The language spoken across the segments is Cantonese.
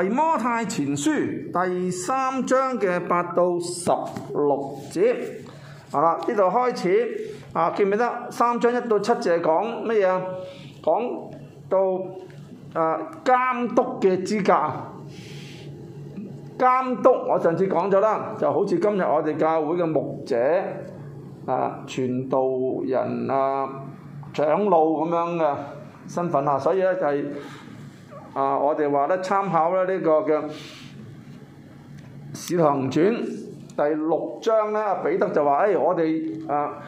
《提摩太前書》第三章嘅八到十六節，好啦，呢度開始，啊記唔記得？三章一到七就係講乜嘢？講到啊監督嘅資格，監督我上次講咗啦，就好似今日我哋教會嘅牧者啊、傳道人啊、長老咁樣嘅身份啊，所以咧就係。啊！我哋話咧參考呢個嘅《使徒行傳》第六章啦。彼得就話，誒、哎，我哋啊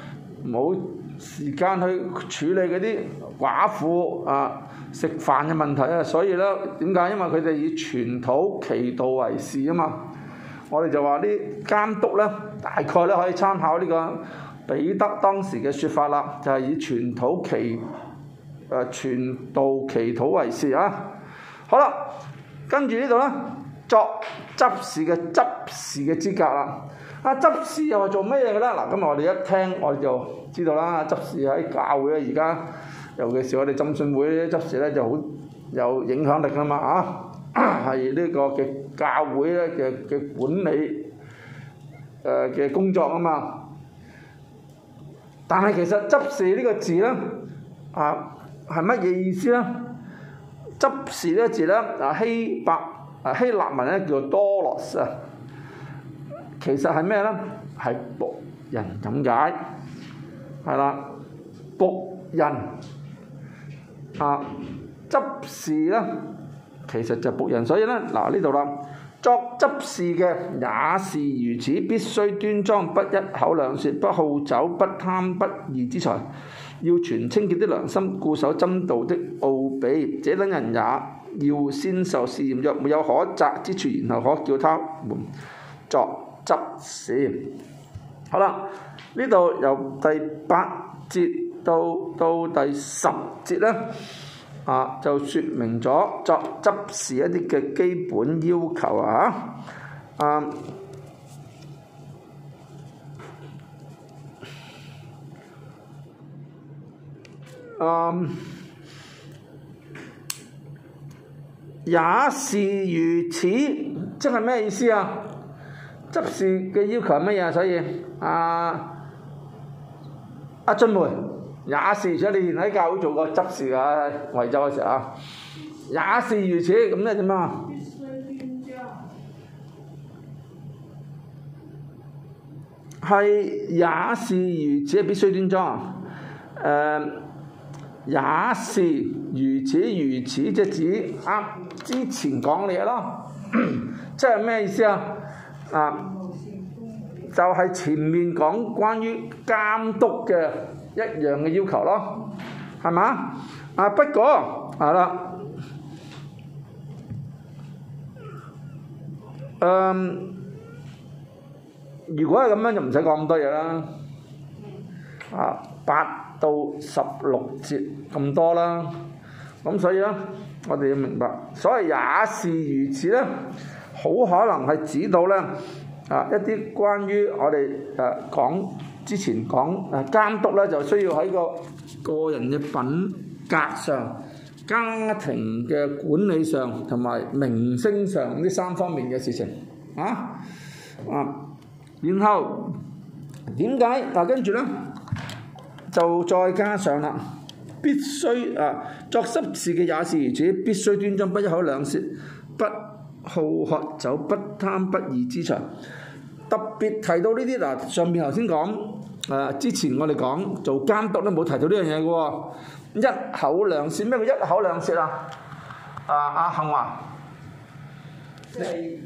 冇時間去處理嗰啲寡婦啊食飯嘅問題啊！所以咧點解？因為佢哋以傳道祈禱為事啊嘛！我哋就話啲監督咧，大概咧可以參考呢、這個彼得當時嘅説法啦，就係、是、以傳道祈誒傳道祈禱為事啊！好啦，跟住呢度咧，作執事嘅執事嘅資格啦。啊，執事又係做咩嘢嘅呢？嗱，今日我哋一聽，我哋就知道啦。執事喺教會啊，而家尤其是我哋浸信會咧，執事呢，就好有影響力啊嘛。啊，係呢個嘅教會呢嘅嘅管理誒嘅、呃、工作啊嘛。但係其實執事呢個字呢，啊係乜嘢意思呢？執事呢個字咧，啊希伯啊希臘文呢，叫做多洛斯啊，其實係咩呢？係僕人咁解？係啦，僕人啊執事呢，其實就僕人。所以呢，嗱呢度啦，作執事嘅也是如此，必須端莊，不一口兩舌，不好酒，不貪不義之財。要全清潔的良心、固守真道的奧秘，這等人也要先受試驗，若沒有可責之處，然後可叫他們作執事。好啦，呢度由第八節到到第十節咧，啊，就説明咗作執事一啲嘅基本要求啊，啊。Um, 也是如此，即係咩意思啊？執事嘅要求係乜嘢？所以，阿一進門，也即是即係你喺教會做過執事嘅惠州嘅時候、啊，也是如此。咁咧點啊？必須端莊。係也是如此，必須端莊、啊。嗯也是如此，如此即指啱之前講嘅嘢咯，即係咩意思啊？啊，就係、是、前面講關於監督嘅一樣嘅要求咯，係嘛？啊不過係啦，誒、啊嗯，如果係咁樣就唔使講咁多嘢啦，啊八。到十六節咁多啦，咁所以呢，我哋要明白，所謂也是如此呢，好可能係指到呢啊一啲關於我哋誒講之前講誒、啊、監督呢，就需要喺個個人嘅品格上、家庭嘅管理上同埋名聲上呢三方面嘅事情啊，啊然後點解嗱跟住呢。就再加上啦，必須啊作執事嘅也是如此，必須端莊不一口兩舌，不好喝酒，不貪不義之財。特別提到呢啲嗱，上面頭先講誒，之前我哋講做監督都冇提到呢樣嘢嘅喎，一口兩舌，咩叫一口兩舌啊？啊，阿恆華是你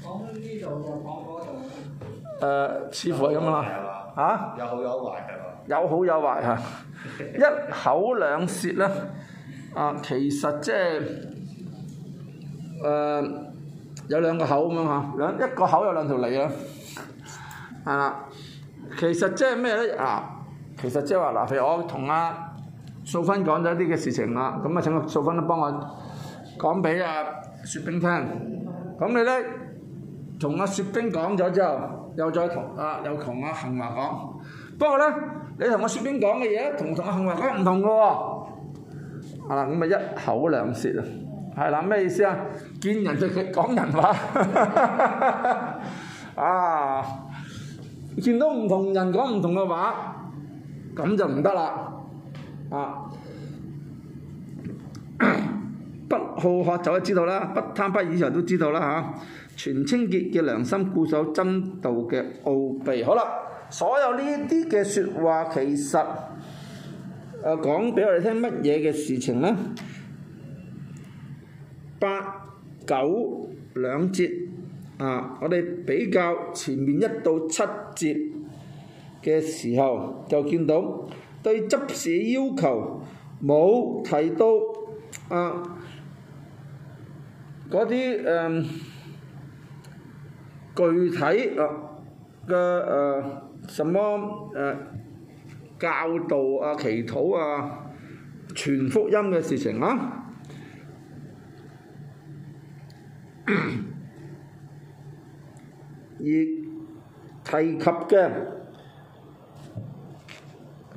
講呢度又講嗰度，誒、啊，似乎係咁啦，嚇？有好有壞係嘛？有好有壞嚇，一口兩舌咧，啊，其實即係誒有兩個口咁樣嚇，兩、啊、一個口有兩條脷啦，係啦，其實即係咩咧？啊，其實即係話嗱，譬、啊即係啊、如我同阿、啊、素芬講咗啲嘅事情啦，咁啊請阿素芬都幫我講俾阿雪冰聽，咁、啊、你咧同阿雪冰講咗之後，又再同啊又同阿恒華講。不過咧，你同我説邊講嘅嘢咧，同同我行為咧唔同嘅喎，啊咁咪一口兩舌啊，係啦，咩意思啊？見人就識講人話， 啊！見到唔同人講唔同嘅話，咁就唔得啦，啊！不好喝酒都知道啦，不貪不以財都知道啦嚇、啊，全清潔嘅良心，固守真道嘅奧秘。好啦。所有呢啲嘅説話，其實誒、呃、講俾我哋聽乜嘢嘅事情呢？八九兩節啊，我哋比較前面一到七節嘅時候，就見到對執事要求冇提到啊嗰啲誒具體嘅誒。呃什麼？誒、呃、教導啊、祈禱啊、傳福音嘅事情啊， 而提及嘅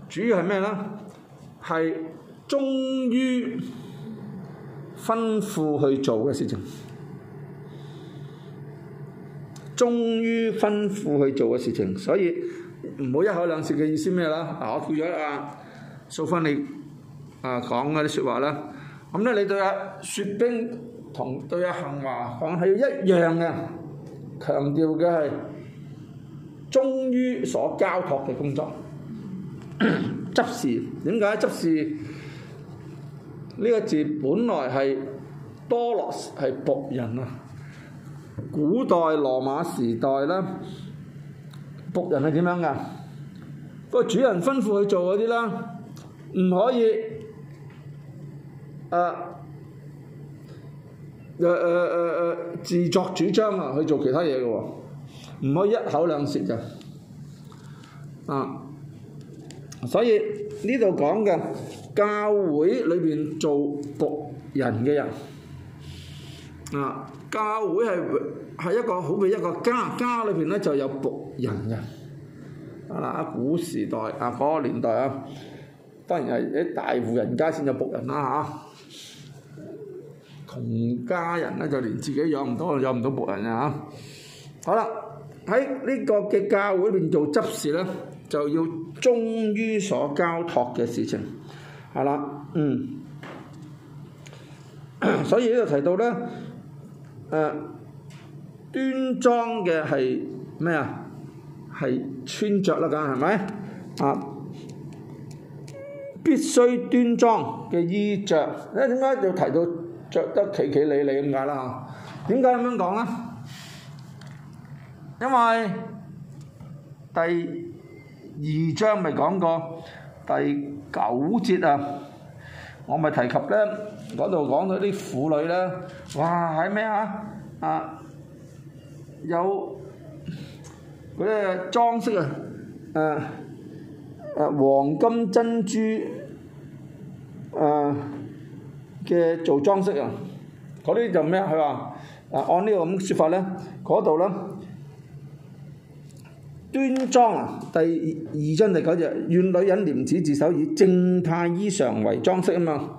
主要係咩咧？係忠於吩咐去做嘅事情，忠於吩咐去做嘅事情，所以。唔好一口兩舌嘅意思咩啦。嗱、啊，我背咗啊，素芬你啊講嗰啲説話啦。咁、啊、咧，你對阿、啊、雪冰同對阿恆華講係一樣嘅，強調嘅係忠於所交託嘅工作。執 事點解執事呢？這個字本來係多樂士係僕人啊，古代羅馬時代咧。僕人係點樣㗎？個主人吩咐去做嗰啲啦，唔可以誒誒誒誒自作主張啊！去做其他嘢㗎喎，唔可以一口兩舌㗎！所以呢度講嘅教會裏邊做僕人嘅人啊，教會係係一個好比一個家，家裏邊咧就有僕。人啊！啊嗱，古時代啊，嗰個年代啊，當然係啲大戶人家先有僕人啦，嚇。窮家人咧就連自己養唔到，養唔到僕人嘅嚇。好啦，喺呢個嘅教會裏邊做執事咧，就要忠於所交託嘅事情。係啦，嗯。所以呢度提到咧，誒，端莊嘅係咩啊？係穿着啦，咁係咪啊？必須端莊嘅衣著咧，點解要提到著得企企理理咁解啦？點解咁樣講咧？因為第二章咪講過第九節啊，我咪提及咧，嗰度講到啲婦女咧，哇係咩嚇啊？有嗰啲裝飾啊，誒、啊、誒黃金珍珠誒嘅做裝飾啊，嗰啲就咩啊？佢話誒按這個這說呢個咁說法咧，嗰度咧端莊啊！第二章第九隻，願女人廉恥自守，以正太衣裳為裝飾啊嘛。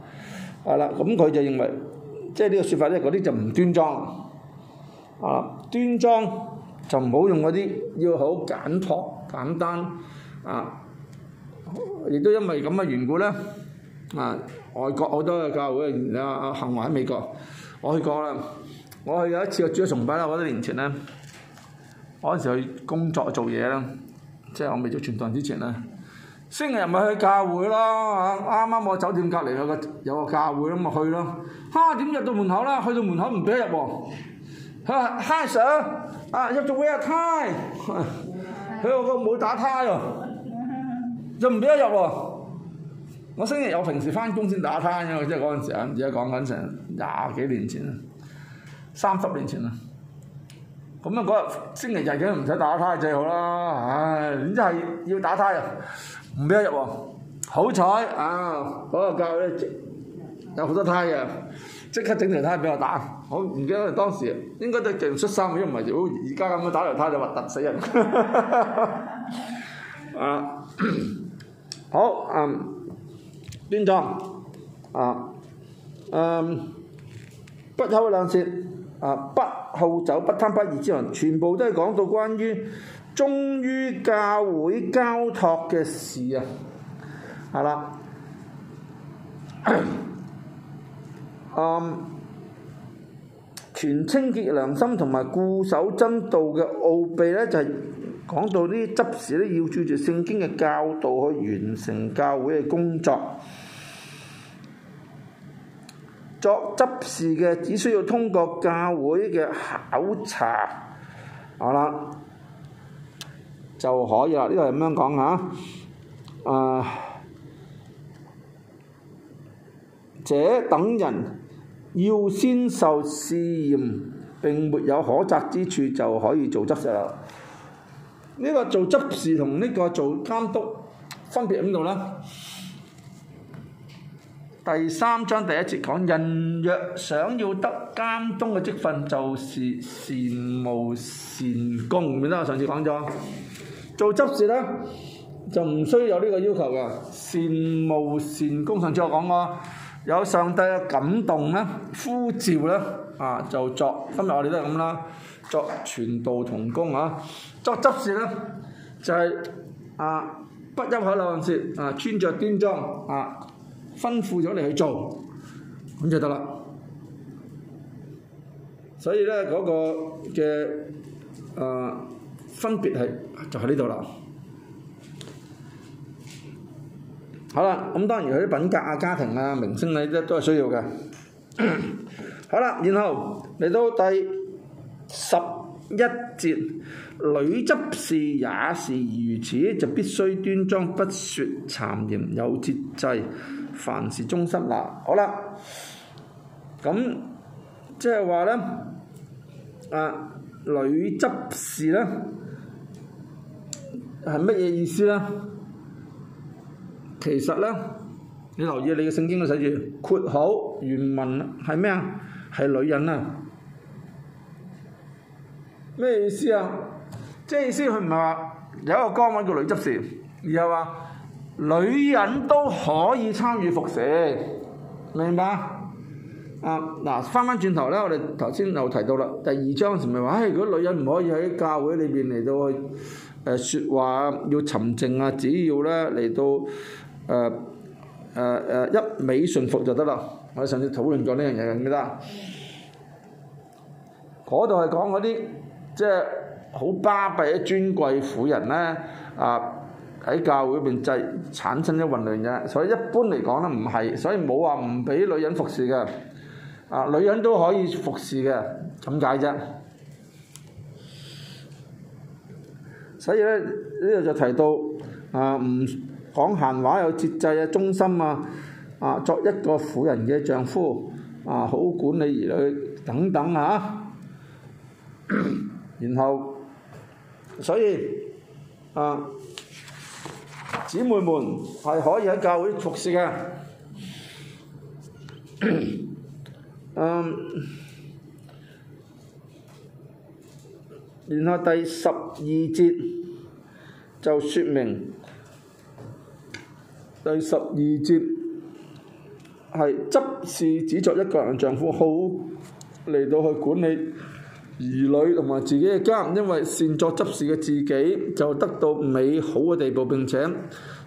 係、啊、啦，咁佢就認為即係、就是、呢個說法咧，嗰啲就唔端莊啊，啊端莊。就唔好用嗰啲，要好簡樸簡單啊！亦都因為咁嘅緣故咧，啊，外國好多嘅教會啊，啊，行話喺美國，我去過啦，我去有一次我住咗崇拜啦，好多年前咧，嗰陣時去工作做嘢啦，即係我未做傳道之前啦，星期日咪去教會咯嚇，啱、啊、啱我酒店隔離有個有個教會咁咪去咯，嚇、啊、點入到門口啦？去到門口唔俾入喎、啊。啊，嗨 Sir！啊、uh,，入咗幾日呔？佢話佢冇打呔喎， 就唔俾我入喎。我星期日我平時翻工先打呔㗎嘛，即係嗰陣時啊，而家講緊成廿幾年前，三十年前啦。咁啊，嗰日星期日咁唔使打呔最好啦。唉、哎，然之係要打呔啊，唔俾我入喎。好彩啊！我教會有好多呔啊！即刻整條胎俾我打，好唔記得當時應該都勁出三嘅，一唔係而家咁樣打條胎就核突死人。啊 好，嗯，端莊，啊，嗯，不口兩舌，啊，不好酒，不貪不義之人，全部都係講到關於忠於教會交託嘅事啊，係啦。Um, 全清潔良心同埋固守真道嘅奧秘咧，就係、是、講到啲執事呢，要照住聖經嘅教導去完成教會嘅工作。作執事嘅只需要通過教會嘅考察，好啦，就可以啦。呢、這個係咁樣講嚇，啊，這等人。要先受試驗，並沒有可責之處，就可以做執事了。呢、這個做執事同呢個做監督分別喺邊度咧？第三章第一節講：人若想要得監督嘅職分，就是羨慕善工，記得我上次講咗。做執事呢，就唔需要有呢個要求嘅羨慕善工。上次我講過。有上帝嘅感動咧，呼召呢啊就作，今日我哋都係咁啦，作全道同工啊，作執事呢，就係、是、啊不一口兩舌啊，穿着端莊啊，吩咐咗你去做，咁就得啦。所以呢，嗰、那個嘅啊分別係就喺呢度啦。好啦，咁當然佢啲品格啊、家庭啊、名聲啊，呢啲都係需要嘅。 好啦，然後嚟到第十一節， 女執事也是如此，就必須端莊，不説讒言，有節制，凡事忠心。嗱，好啦，咁即係話咧，啊、呃，女執事咧係乜嘢意思咧？其實咧，你留意你嘅聖經嘅寫住括號原文係咩啊？係女人啊，咩意思啊？即係意思佢唔係話有一個崗位叫女執事，而係話女人都可以參與服事，明白？啊嗱，翻翻轉頭咧，我哋頭先又提到啦，第二章時咪話，唉、哎，如果女人唔可以喺教會裏邊嚟到去誒説話要沉靜啊，只要咧嚟到。誒誒誒，uh, uh, uh, 一味信服就得啦。我上次討論咗呢樣嘢，記得？嗰度係講嗰啲即係好巴閉嘅尊貴婦人咧，啊喺教會邊製產生咗混亂啫。所以一般嚟講咧，唔係，所以冇話唔俾女人服侍嘅。啊，女人都可以服侍嘅，咁解啫。所以咧，呢度就提到啊，唔。講閒話有節制啊，忠心啊，啊作一個婦人嘅丈夫啊，好管理兒女等等嚇、啊。 然後，所以啊，姊妹們係可以喺教會服侍嘅。嗯、 啊，然後第十二節就説明。第十二節係執事只作一個人丈夫好，好嚟到去管理兒女同埋自己嘅家，因為善作執事嘅自己就得到美好嘅地步，並且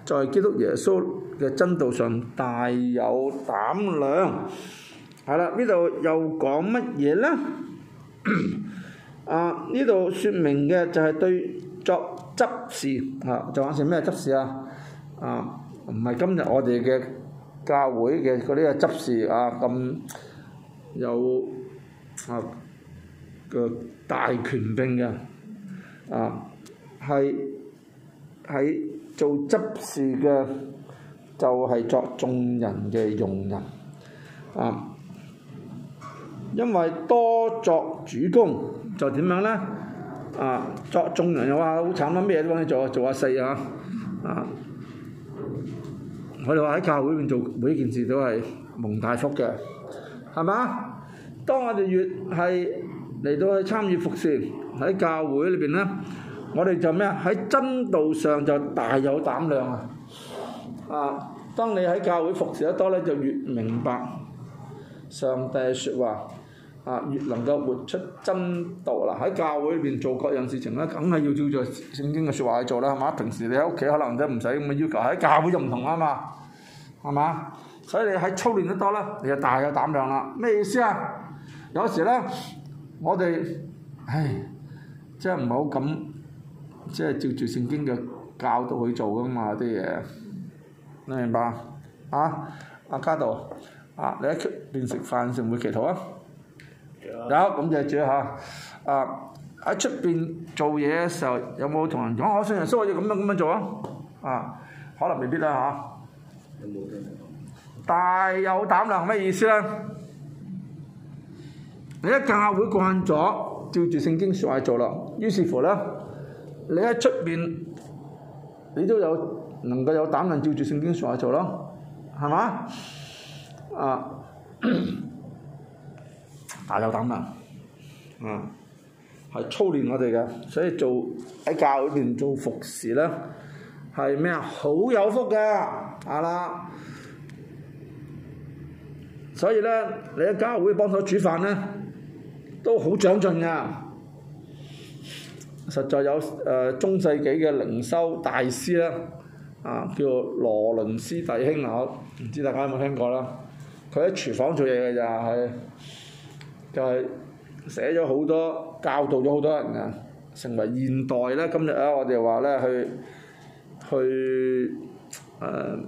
在基督耶穌嘅真道上大有膽量。係啦，呢度又講乜嘢呢？啊，呢度説明嘅就係對作執事啊，就話成咩執事啊？啊！唔係今日我哋嘅教會嘅嗰啲嘅執事啊，咁有啊嘅大權柄嘅啊，係喺做執事嘅就係、是、作眾人嘅用人啊，因為多作主工，就點樣咧啊？作眾人又話好慘啊，咩都幫你做啊，做阿四啊，啊！我哋話喺教會裏邊做每一件事都係蒙大福嘅，係咪啊？當我哋越係嚟到去參與服侍，喺教會裏邊咧，我哋就咩啊？喺真道上就大有膽量啊！啊，當你喺教會服侍得多咧，就越明白上帝嘅説話。啊、越能夠活出真道嗱，喺、啊、教會裏邊做各樣事情咧，梗、啊、係要照住聖經嘅説話去做啦，係嘛？平時你喺屋企可能都唔使咁嘅要求，喺教會就唔同啊嘛，係嘛？所以你喺操練得多咧，你就大有膽量啦。咩意思啊？有時咧，我哋唉，即係唔好咁，即係照住聖經嘅教導去做噶嘛啲嘢，你明白啊？阿、啊、家道，啊，你喺出面食飯時唔會祈禱啊？有咁就係住啦嚇！啊喺出邊做嘢嘅時候，有冇同人講我信耶穌所以要咁樣咁樣做啊？啊，可能未必啦嚇。大有膽量咩意思咧？你喺教會慣咗，照住聖經說話做咯，於是乎咧，你喺出邊你都有能夠有膽量照住聖經說話做咯，係嘛？啊！啊！有等啦，嗯，係操練我哋嘅。所以做喺教會做服侍咧，係咩啊？好有福嘅，啊、嗯、啦，所以咧，你喺教會幫手煮飯咧，都好長進噶。實在有誒、呃、中世紀嘅靈修大師啦，啊，叫做羅倫斯弟兄啊，唔知大家有冇聽過啦，佢喺廚房做嘢嘅咋。係。就係寫咗好多，教導咗好多人啊，成為現代咧，今日咧，我哋話咧去去誒嗰、呃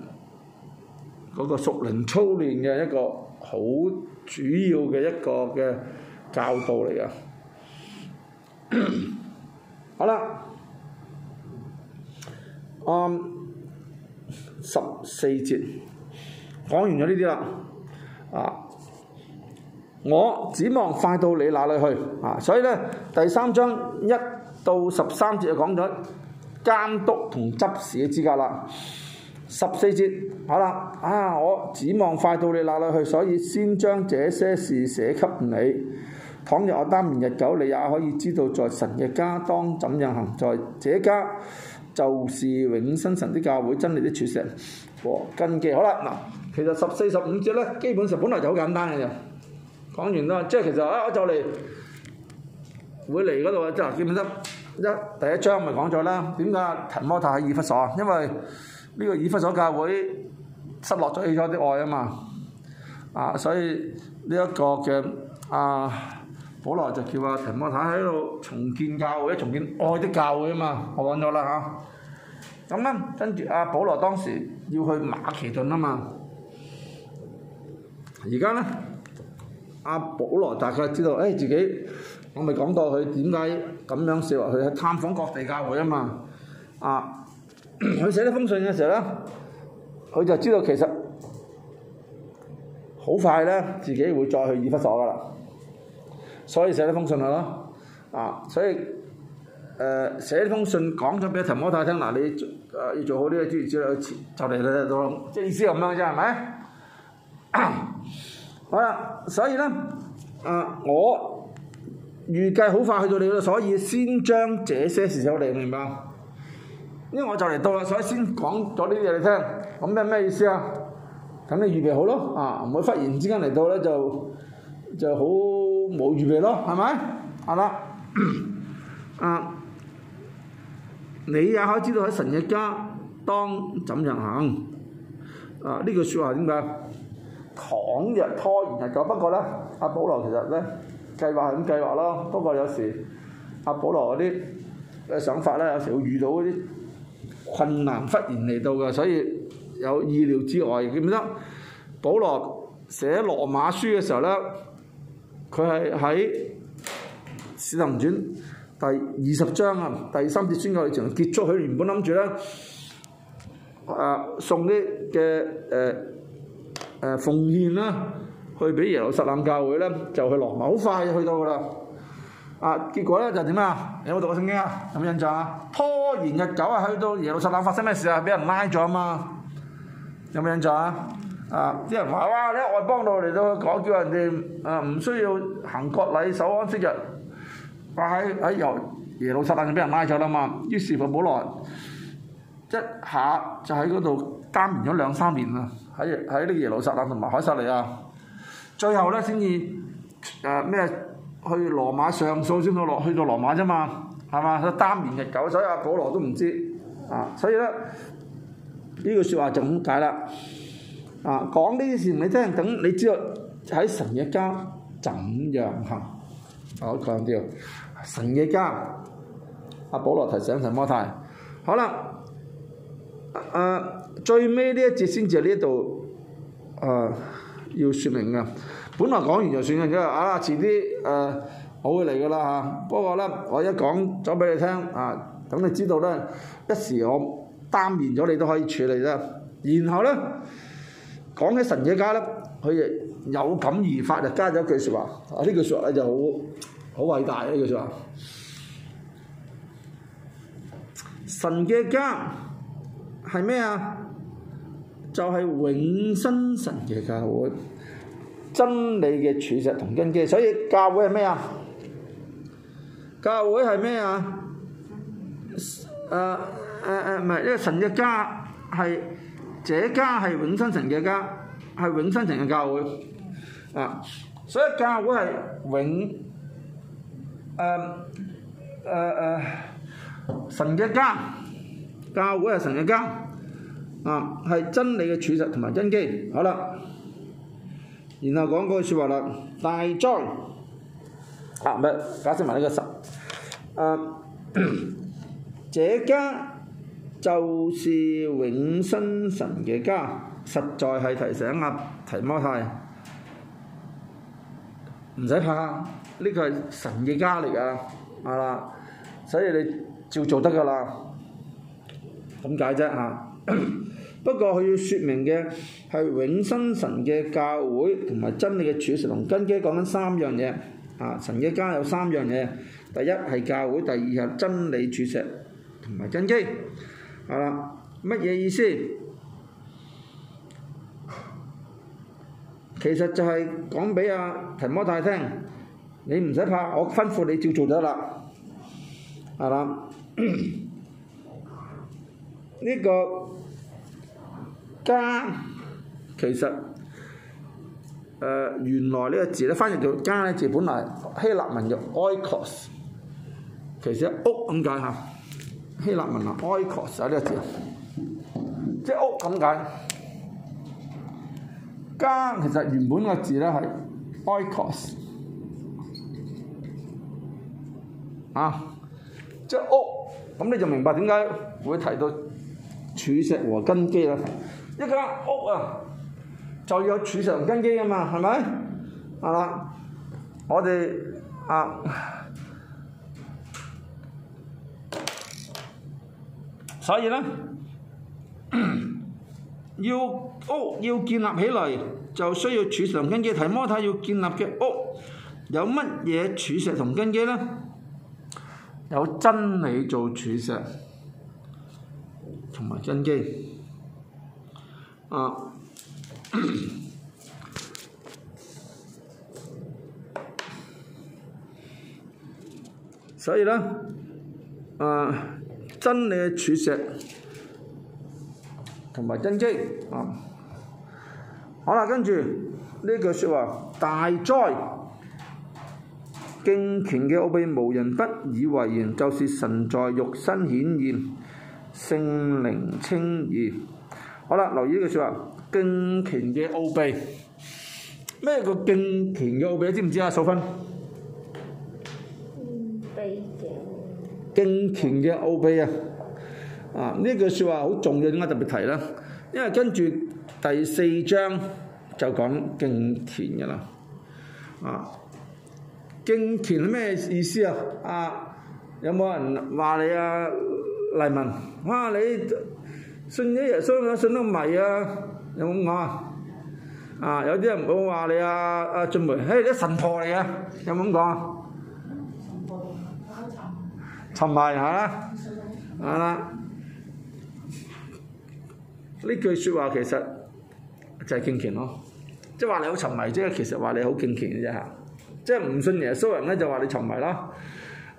那個熟能操練嘅一個好主要嘅一個嘅教導嚟嘅。 好啦，啱、嗯，十四節講完咗呢啲啦，啊。我指望快到你那裏去，啊！所以咧，第三章一到十三節就講咗監督同執事嘅資格啦。十四節好啦，啊！我指望快到你那裏去，所以先將這些事寫給你。倘若我耽延日久，你也可以知道在神嘅家當怎樣行在，在這家就是永生神的教會，真理的柱石和根基。好啦，嗱，啊，其實十四十五節咧，基本上本來就好簡單嘅。講完啦，即係其實啊，我就嚟會嚟嗰度啊，即係基本上第一章咪講咗啦。點解提摩太喺以弗所？因為呢個以弗所教會失落咗起初啲愛啊嘛，啊，所以呢一個嘅啊，保羅就叫啊提摩太喺度重建教會，重建愛的教會啊嘛。我講咗啦嚇。咁咧，跟住啊，保羅當時要去馬其頓啊嘛。而家咧。阿、啊、保羅大概知道，誒、哎、自己，我咪講到佢點解咁樣寫落去，去探訪各地教會啊嘛。啊，佢寫呢封信嘅時候咧，佢就知道其實好快咧，自己會再去以弗所噶啦。所以寫呢封信佢、啊、咯、啊呃，啊，所以誒寫呢封信講咗俾提摩太聽，嗱你誒要做好呢個諸如此類，就嚟咧到，即係意思係咁樣啫，係咪、啊？好啦，所以呢，啊、呃，我預計好快去到你度啦，所以先將這些事情嚟，明白？因為我就嚟到啦，所以先講咗呢啲嘢你聽。咁咩咩意思啊？等你預備好咯，啊，唔會忽然之間嚟到咧，就就好冇預備咯，係咪？啊、嗯、啦，啊，你也可以知道喺神嘅家當怎樣行。啊，呢句説話點解？倘若拖延日久，不過咧，阿保羅其實咧計劃係咁計劃咯。不過有時阿保羅嗰啲嘅想法咧，有時會遇到嗰啲困難忽然嚟到嘅，所以有意料之外。記唔記得？保羅寫羅馬書嘅時候咧，佢係喺《使徒行傳》第二十章，啊第三次宣教旅程結束。佢原本諗住咧啊送啲嘅誒。呃、奉獻啦，去畀耶路撒冷教會呢，就去羅馬，好快就去到噶啦。啊，結果呢，就點、是、啊？你有冇讀過聖經啊？有冇印象啊？拖延日久啊，去到耶路撒冷發生咩事啊？俾人拉咗啊嘛。有冇印象啊？啲、啊、人話哇、啊，你外邦到嚟到講叫人哋唔、呃、需要行國禮守安息日，但係喺由耶路撒冷就俾人拉咗啦嘛。於是乎保羅一下就喺嗰度監禁咗兩三年啊。喺喺啲耶路撒冷同埋凱撒利亞、啊，最後咧先至誒咩去羅馬上訴先到落去到羅馬啫嘛，係嘛？佢擔年日久所以阿、啊、保羅都唔知啊，所以咧呢句説、這個、話就咁解啦。啊，講呢啲事你聽，等你知道喺神嘅家怎樣行。我強調神嘅家，阿、啊、保羅提醒提摩太，好啦。呃、最尾呢一節先至係呢度要説明嘅。本來講完就算嘅，因為啊遲啲誒好嘅嚟噶啦嚇。不過咧，我一講咗俾你聽啊，咁你知道咧，一時我擔延咗你都可以處理啫。然後咧，講起神嘅家咧，佢亦有感而發就加咗一句説話。啊呢句説話啊就好好偉大呢句説話。神嘅家。係咩啊？就係、是、永生神嘅教會，真理嘅柱石同根基。所以教會係咩啊？教會係咩啊？誒誒誒，唔係因為神嘅家係，這家係永生神嘅家，係永生神嘅教會啊、呃！所以教會係永誒誒誒神嘅家。教會係神嘅家，啊係真理嘅柱石同埋根基，好啦。然後講句説話啦，大哉，啊唔係解釋埋呢個神，誒、啊，這家就是永生神嘅家，實在係提醒啊提摩太，唔使怕，呢、這個係神嘅家嚟噶，係、啊、啦，所以你照做得噶啦。咁解啫嚇，不過佢要説明嘅係永生神嘅教會同埋真理嘅柱石同根基，講緊三樣嘢。啊，神嘅家有三樣嘢，第一係教會，第二係真理柱石同埋根基，係、啊、啦。乜嘢意思？其實就係講俾阿提摩太聽，你唔使怕，我吩咐你照做得啦，係、啊、嘛？啊呢、這個家其實誒、呃、原來呢個字呢，翻譯做家呢字本來希臘文叫 oikos，其實屋咁解吓。希臘文啊 oikos，有呢個字，即係屋咁解。家其實原本個字呢，係 oikos，啊，即屋咁你就明白點解會提到。柱石和根基啦，一家屋啊，就有柱石同根基啊嘛，係咪？係啦，我哋啊，所以咧，要屋、哦、要建立起嚟，就需要柱石同根基。提摩太要建立嘅屋，有乜嘢柱石同根基咧？有真理做柱石。同埋真經，啊， 所以呢，啊，真理嘅柱石同埋真經，啊，好啦，跟住呢句説話，大哉敬虔嘅奧秘無人不以為然，就是神在肉身顯現。聖靈稱義，好啦，留意呢句說話，敬虔嘅奧秘，咩叫敬虔嘅奧秘？知唔知數、嗯、啊？數分。敬虔嘅奧秘啊，啊呢句說話好重要，點解特別提咧？因為跟住第四章就講敬虔嘅啦，啊敬虔咩意思啊？啊有冇人話你啊？嚟問，哇！你信耶耶穌信到迷啊！有冇咁講啊？啊！有啲人唔好話你啊，阿、啊、俊、啊、梅，嘿！啲神婆嚟嘅、啊，有冇咁講啊？沉迷下啦，係啦、嗯。呢、啊、句説話其實就係敬虔咯，即係話你好沉迷，即係其實話你好敬虔嘅啫。即係唔信耶穌人咧，就話你沉迷啦。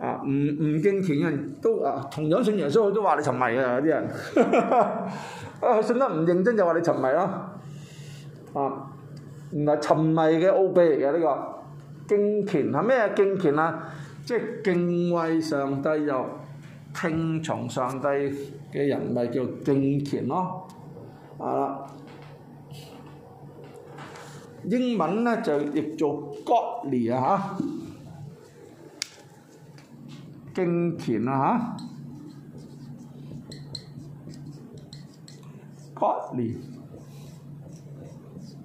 啊，唔唔敬虔嘅人都啊，同樣信耶穌，佢都話你沉迷啊！啲人 啊，佢信得唔認真就話你沉迷咯。啊，原來沉迷嘅奧秘，嚟嘅呢個敬虔係咩啊？敬虔啊，即係敬畏上帝又聽從上帝嘅人，咪叫敬虔咯。啊，啊英文咧就譯做 godly 啊嚇。敬虔啊嚇，Godly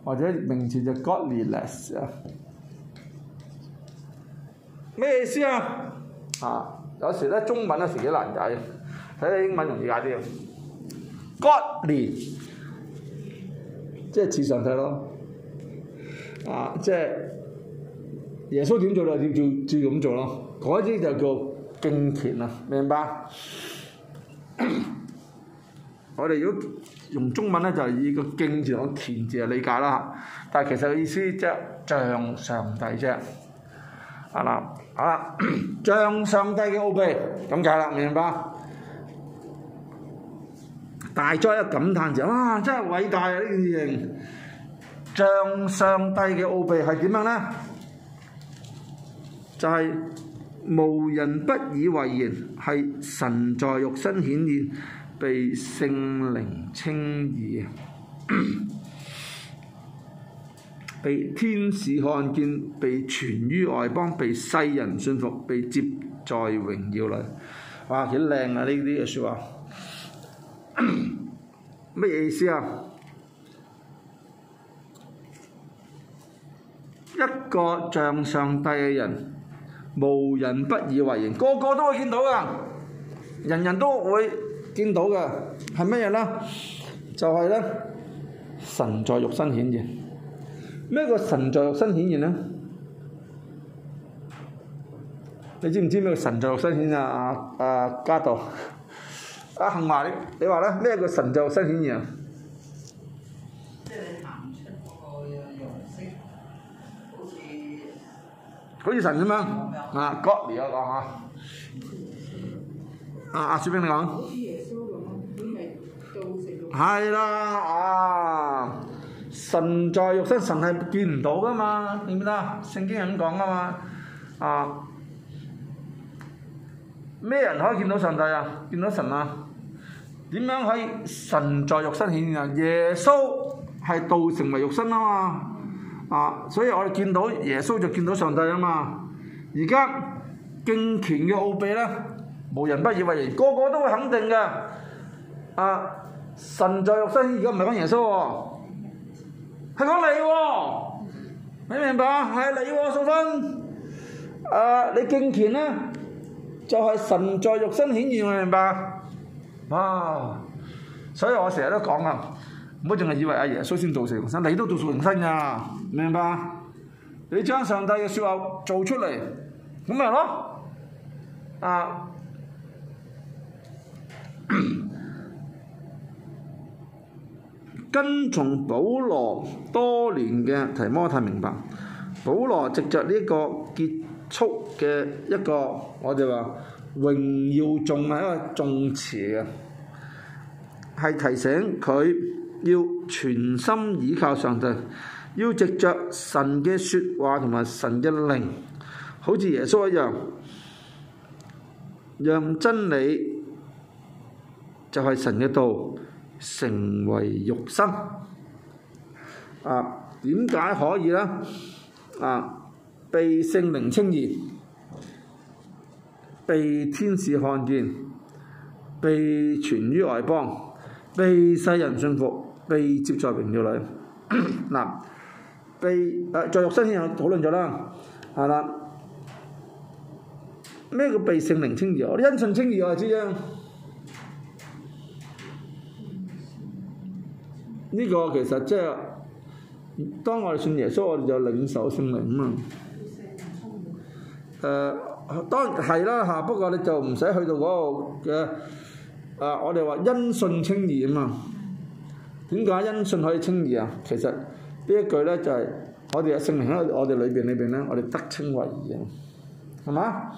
或者名字就 Godliness 啊，咩意思啊？啊，有時咧中文有時啲難解嘅，睇下英文容易解啲啊。Godly 即係似上帝咯，啊即係耶穌點做就照照照咁做咯，嗰啲就叫。敬虔啊，明白？ 我哋如果用中文咧，就係以個敬字同埋虔字嚟理解啦。但係其實嘅意思即係像上帝啫。係、嗯、啦，好、嗯、啦，像、嗯、上帝嘅奧秘咁解係啦，明唔明白？大哉一感嘆詞，哇、啊！真係偉大啊呢件事情。像上帝嘅奧秘係點樣咧？就係、是。無人不以為然，係神在肉身顯現，被聖靈稱義， 被天使看見，被傳於外邦，被世人信服，被接在榮耀裏。哇！幾靚啊！呢啲嘅説話，咩 意思啊？一個像上帝嘅人。無人不以為然，個個都會見到㗎，人人都會見到㗎，係乜嘢呢？就係、是、呢，神在肉身顯現。咩個神在肉身顯現呢？你知唔知咩個神在肉身顯現啊？阿、啊、家道，阿恆華，你話咧咩個神在肉身顯現啊？好似神咁樣，嗯、阿哥，你又講吓，啊阿小兵你講，係啦，啊神在肉身，神係見唔到㗎嘛，點樣啊？聖經係咁講㗎嘛，啊咩人可以見到上帝啊？見到神啊？點樣可以神在肉身顯現啊？耶穌係道成為肉身啊嘛。啊！所以我哋見到耶穌就見到上帝啊嘛！而家敬虔嘅奧秘呢，無人不以為然，個個都會肯定嘅。啊！神在肉身，而家唔係講耶穌喎、哦，係講你喎、哦，明唔明白？係你喎、哦，素芬。啊！你敬虔呢，就係、是、神在肉身顯現，明唔明白？啊！所以我成日都講啊。唔好淨係以為阿爺衰先造成，身你都造成身呀，明白？你將上帝嘅説話做出嚟，咁咪咯啊！ 跟從保羅多年嘅提摩太明白，保羅藉著呢一個結束嘅一個，我哋話榮耀仲係一個重詞嘅，係提醒佢。要全心倚靠上帝，要藉著神嘅説話同埋神嘅靈，好似耶穌一樣，讓真理就係神嘅道成為肉身。啊，點解可以咧？啊，被聖靈稱義，被天使看見，被傳於外邦，被世人信服。被接在榮耀裏，嗱， 被誒在肉身先討論咗啦，係、呃、啦。咩叫被聖靈稱義？我哋因信稱義我知啊。呢、嗯、個其實即、就、係、是、當我哋信耶穌，我哋就領受聖靈啊嘛。誒、呃，當然係啦嚇，不過你就唔使去到嗰個嘅誒、呃，我哋話因信稱義啊嘛。點解因信可以稱義啊？其實呢一句咧就係我哋嘅聖靈喺我哋裏邊裏邊咧，我哋得稱為義啊，係嘛？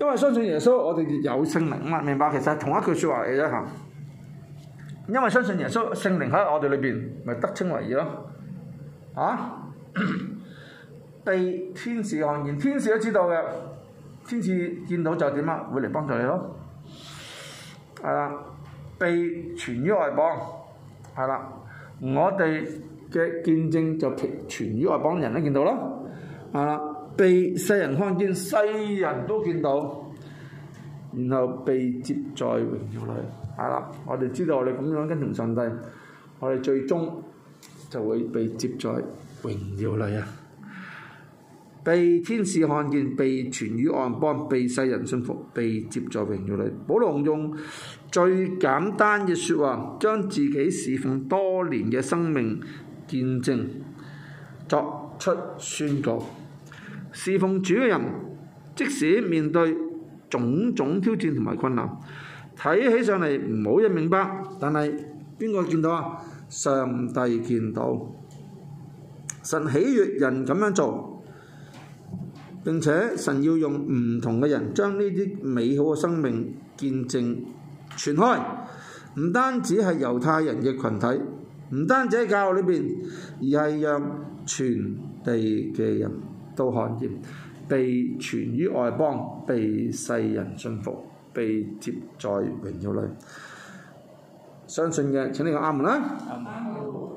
因為相信耶穌，我哋有聖靈啊！明白其實係同一句説話嚟啫嚇。因為相信耶穌，聖靈喺我哋裏邊，咪得稱為義咯。啊！被 天使看見，天使都知道嘅，天使見到就點啊？會嚟幫助你咯。係啦。被傳於外邦，係啦。我哋嘅見證就傳於外邦，人人都見到咯，係啦。被世人看見，世人都見到，然後被接在榮耀裏，係啦。我哋知道我哋咁樣跟從上帝，我哋最終就會被接在榮耀裏啊！被天使看見，被傳於外邦，被世人信服，被接在榮耀裏。保羅用最簡單嘅説話，將自己侍奉多年嘅生命見證作出宣告。侍奉主嘅人，即使面對種種挑戰同埋困難，睇起上嚟唔好人明白，但係邊個見到啊？上帝見到，神喜悅人咁樣做。並且神要用唔同嘅人，將呢啲美好嘅生命見證，傳開，唔單止係猶太人嘅群體，唔單止喺教會裏邊，而係讓全地嘅人都看見，被傳於外邦，被世人信服，被接在榮耀裏。相信嘅請你個阿門啦，啊。